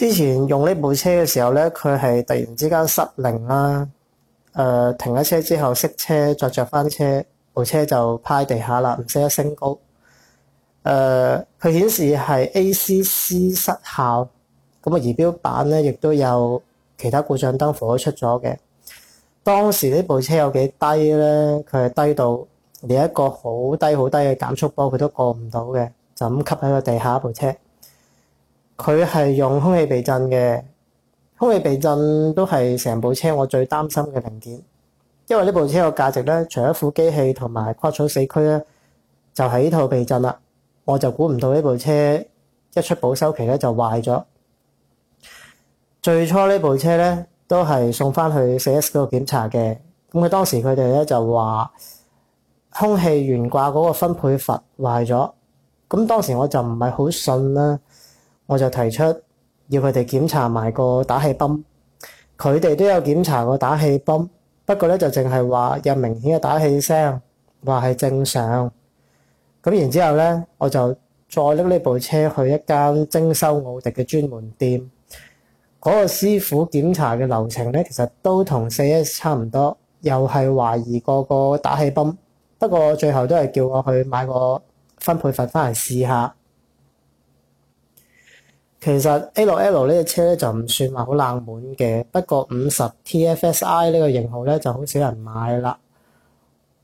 之前用呢部車嘅時候咧，佢係突然之間失靈啦。誒、呃，停咗車之後熄車，再着翻車，部車就趴地下啦，唔識得升高。誒、呃，佢顯示係 ACC 失效，咁啊儀錶板咧亦都有其他故障燈火出咗嘅。當時呢部車有幾低咧？佢係低到連一個好低好低嘅減速波，佢都過唔到嘅，就咁吸喺個地下部車。佢係用空氣避震嘅，空氣避震都係成部車我最擔心嘅零件，因為呢部車個價值咧，除咗副機器同埋跨土四驅咧，就係呢套避震啦。我就估唔到呢部車一出保修期咧就壞咗。最初呢部車咧都係送翻去四 S 度檢查嘅，咁佢當時佢哋咧就話空氣懸掛嗰個分配閥壞咗，咁當時我就唔係好信啦。我就提出要佢哋檢查埋個打氣泵，佢哋都有檢查過打氣泵，不過咧就淨係話有明顯嘅打氣聲，話係正常。咁然之後咧，我就再拎呢部車去一間精修奧迪嘅專門店，嗰、那個師傅檢查嘅流程咧，其實都同四 S 差唔多，又係懷疑個個打氣泵，不過最後都係叫我去買個分配閥翻嚟試下。其實 A6L 呢隻車咧就唔算話好冷門嘅，不過五十 TFSI 呢個型號咧就好少人買啦。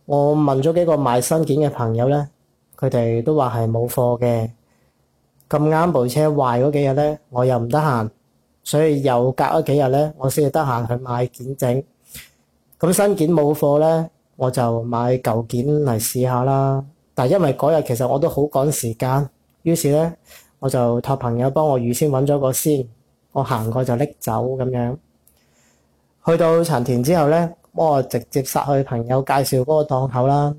我問咗幾個買新件嘅朋友咧，佢哋都話係冇貨嘅。咁啱部車壞嗰幾日咧，我又唔得閒，所以又隔咗幾日咧，我先至得閒去買件整。咁新件冇貨咧，我就買舊件嚟試下啦。但因為嗰日其實我都好趕時間，於是咧。我就託朋友幫我預先揾咗個先，我行過就拎走咁樣。去到陳田之後咧，我直接殺去朋友介紹嗰個檔口啦。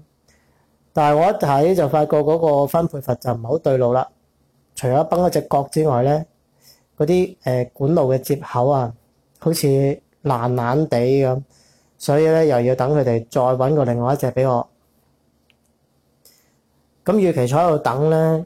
但係我一睇就發覺嗰個分配閥就唔好對路啦。除咗崩一隻角之外咧，嗰啲誒管路嘅接口啊，好似爛爛地咁，所以咧又要等佢哋再揾個另外一隻俾我。咁與其坐喺度等咧。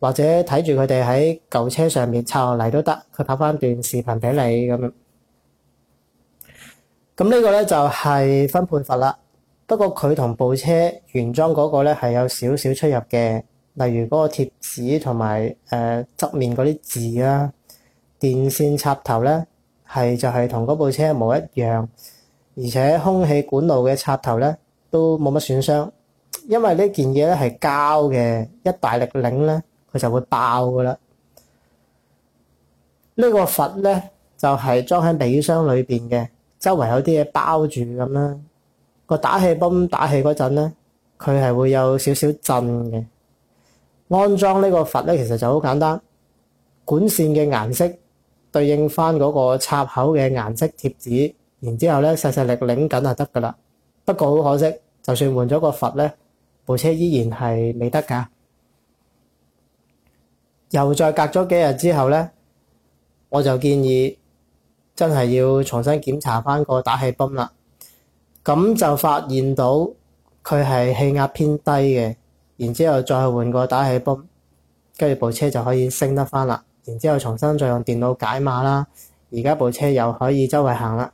或者睇住佢哋喺舊車上面湊嚟都得，佢拍翻段視頻俾你咁樣。咁呢個咧就係分判法啦。不過佢同部車原裝嗰個咧係有少少出入嘅，例如嗰個貼紙同埋誒側面嗰啲字啊、電線插頭咧係就係同嗰部車一模一樣，而且空氣管路嘅插頭咧都冇乜損傷，因為呢件嘢咧係膠嘅，一大力擰咧。佢就會爆噶啦。呢個佛咧就係裝喺尾箱裏邊嘅，周圍有啲嘢包住咁啦。個打氣泵打氣嗰陣咧，佢係會有少少震嘅。安裝呢個佛咧，其實就好簡單，管線嘅顏色對應翻嗰個插口嘅顏色貼紙，然之後咧細細力擰緊就得噶啦。不過好可惜，就算換咗個佛咧，部車依然係未得㗎。又再隔咗幾日之後咧，我就建議真係要重新檢查翻個打氣泵啦。咁就發現到佢係氣壓偏低嘅，然之後再換個打氣泵，跟住部車就可以升得翻啦。然之後重新再用電腦解碼啦，而家部車又可以周圍行啦。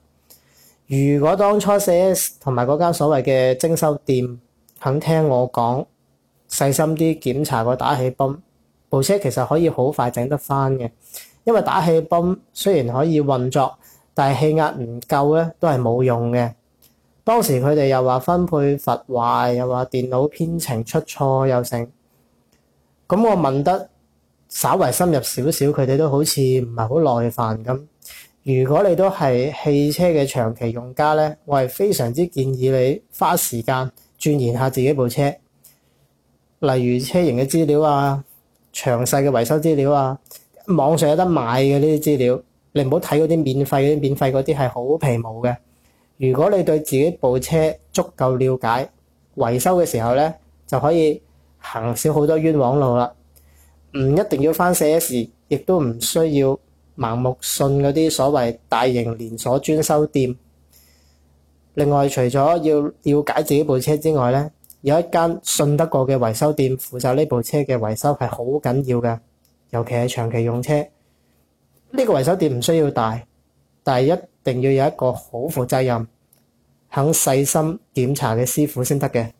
如果當初四 S 同埋嗰間所謂嘅精修店肯聽我講，細心啲檢查個打氣泵。部車其實可以好快整得返嘅，因為打氣泵雖然可以運作，但係氣壓唔夠咧都係冇用嘅。當時佢哋又話分配閥壞，又話電腦編程出錯又成。咁我問得稍微深入少少，佢哋都好似唔係好耐煩咁。如果你都係汽車嘅長期用家咧，我係非常之建議你花時間鑽研下自己部車，例如車型嘅資料啊。詳細嘅維修資料啊，網上有得買嘅呢啲資料，你唔好睇嗰啲免費，嗰啲免費，嗰啲係好皮毛嘅。如果你對自己部車足夠了解，維修嘅時候咧就可以行少好多冤枉路啦。唔一定要返四 S，亦都唔需要盲目信嗰啲所謂大型連鎖專修店。另外，除咗要了解自己部車之外咧。有一間信得過嘅維修店負責呢部車嘅維修係好緊要嘅，尤其係長期用車。呢個維修店唔需要大，但係一定要有一個好負責任、肯細心檢查嘅師傅先得嘅。